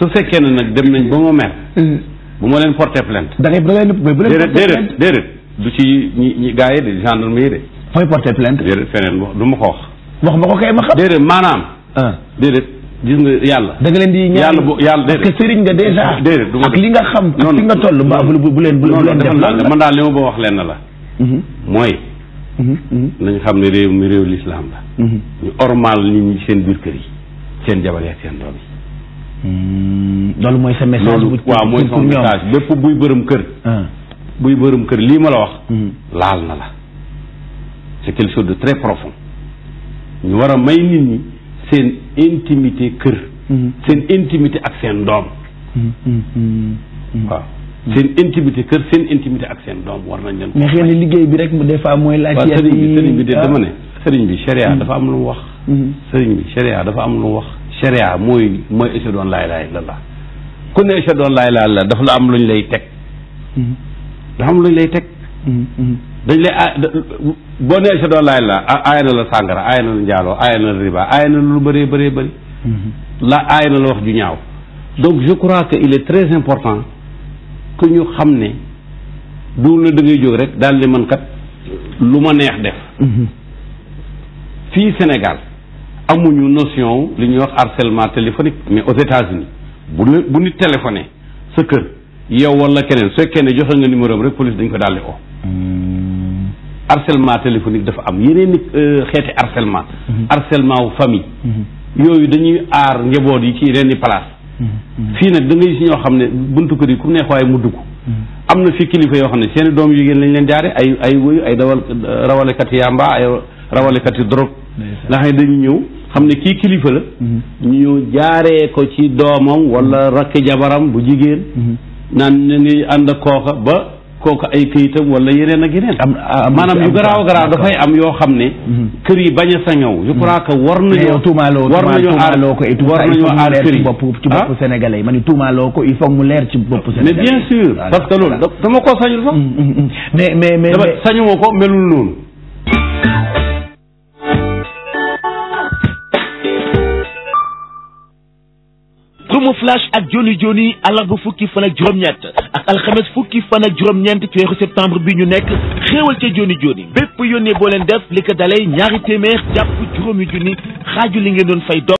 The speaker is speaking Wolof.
su fekkee ne nag dem nañ ba ma mer. Mm. bu ma leen porté plainte. da ngay bu leen bu leen porté plainte déedéet déedéet du ci ñi ñi gars yi de gendarme yi de. fooy porté plainte. feneen du ma ko wax. wax ma ko kay ma xam. déedéet maanaam. Ah. déedéet gis yàlla. da leen di ñaan yàlla bu yàlla déedéet. parce que sëriñ ah, du ma li nga xam. ak li nga toll mbaa bu bu bu leen bu leen def la man daal li ma ba wax lenn la. Mhm. mooy. Mhm, mhm. nañ xam ne réew mi réew lislaam la. ñu ormal nit ñi seen biir kër yi seen jabar yi seen doom yi loolu mooy sa message. loolu waaw mooy sa message bépp buy bërëm kër. Ah. buy bërëm kër lii ma la wax. Hmm. laal na la c'est quelque chose de très profond. ñu war a may nit ñi seen intimité kër. Hmm. seen intimité ak seen doom. Hmm, waaw seen intimité kër seen intimité ak seen doom war nañ leen. mais xëy na liggéey bi rek mu des mooy. laaj sëriñ bi sëriñ bi de ah. dama ne. sëriñ bi sharia dafa am lu wax. sëriñ bi sharia dafa am lu wax. sharia mooy mooy échec doon laa ilaaha illallah ku ne échec doon laa ilaaha illallah dafa la am lu lay teg mm-hmm. dafa am lay teg mm-hmm. dañ lay a boo nee échec doon laa ilaaha na la sàngara aaya na la njaaloo aaya na la riba aaya na la lu bëree bëree bëri mm-hmm. la aaya na la wax ju ñaaw donc je crois que il est très important ku ñu xam ne du la da ngay jóg rek daal di man kat lu ma neex def fii Sénégal amuñu notion li ñuy wax harcèlement téléphonique mais aux États-Unis bu la bu nit téléphoné sa kër yow wala keneen su fekkee ne joxe nga numéro rek police dañ ko daldi oo hmm. harcèlement téléphonique dafa am yeneen i euh, xeeti harcèlement hmm. harcèlement wu famille hmm. yooyu dañuy aar njaboot yi ci yeneen i place fii nag da ngay si ñoo xam ne buntu kër yi ku neex waaye mu dugg am na fi kilifa yoo xam ne seeni doom yi jigéen lañ leen jaare ay ay wuyu ay dawal rawalekat yamba ay rawalekati drogue nga xam ne dañu ñëw xam ne kii kilifa la ñu jaaree ko ci doomam wala rakki jabaram bu jigéen naan ñu ngi ànd ak kooka ba kooka ay këyitam wala yeneen ak yeneen maanaam yu garaaw garaaw dafay am yoo xam ne mm-hmm. kër yi bañ a sañaw je crois que war nañoo tuumaaloo war nañoo aar ko war nañoo aar kër yi bopp ci bopp ah? sénégalais yi ma ni tuumaaloo ko il faut mu leer ci bopp sénégalais mais bien sûr parce que loolu dama koo sañul sax mm-hmm, mm-hmm. mais mais mais dama ko melul noonu camouflage ak joni joni alarba fukki fan ak juróom-ñett ak alxames fukki fan ak juróom-ñeent ci weeru septembre bi ñu nekk xéewal ca joni joni bépp yónnee boo leen def li ko dalay ñaari téeméer jàpp juróomi junni xaaju li ngeen doon fay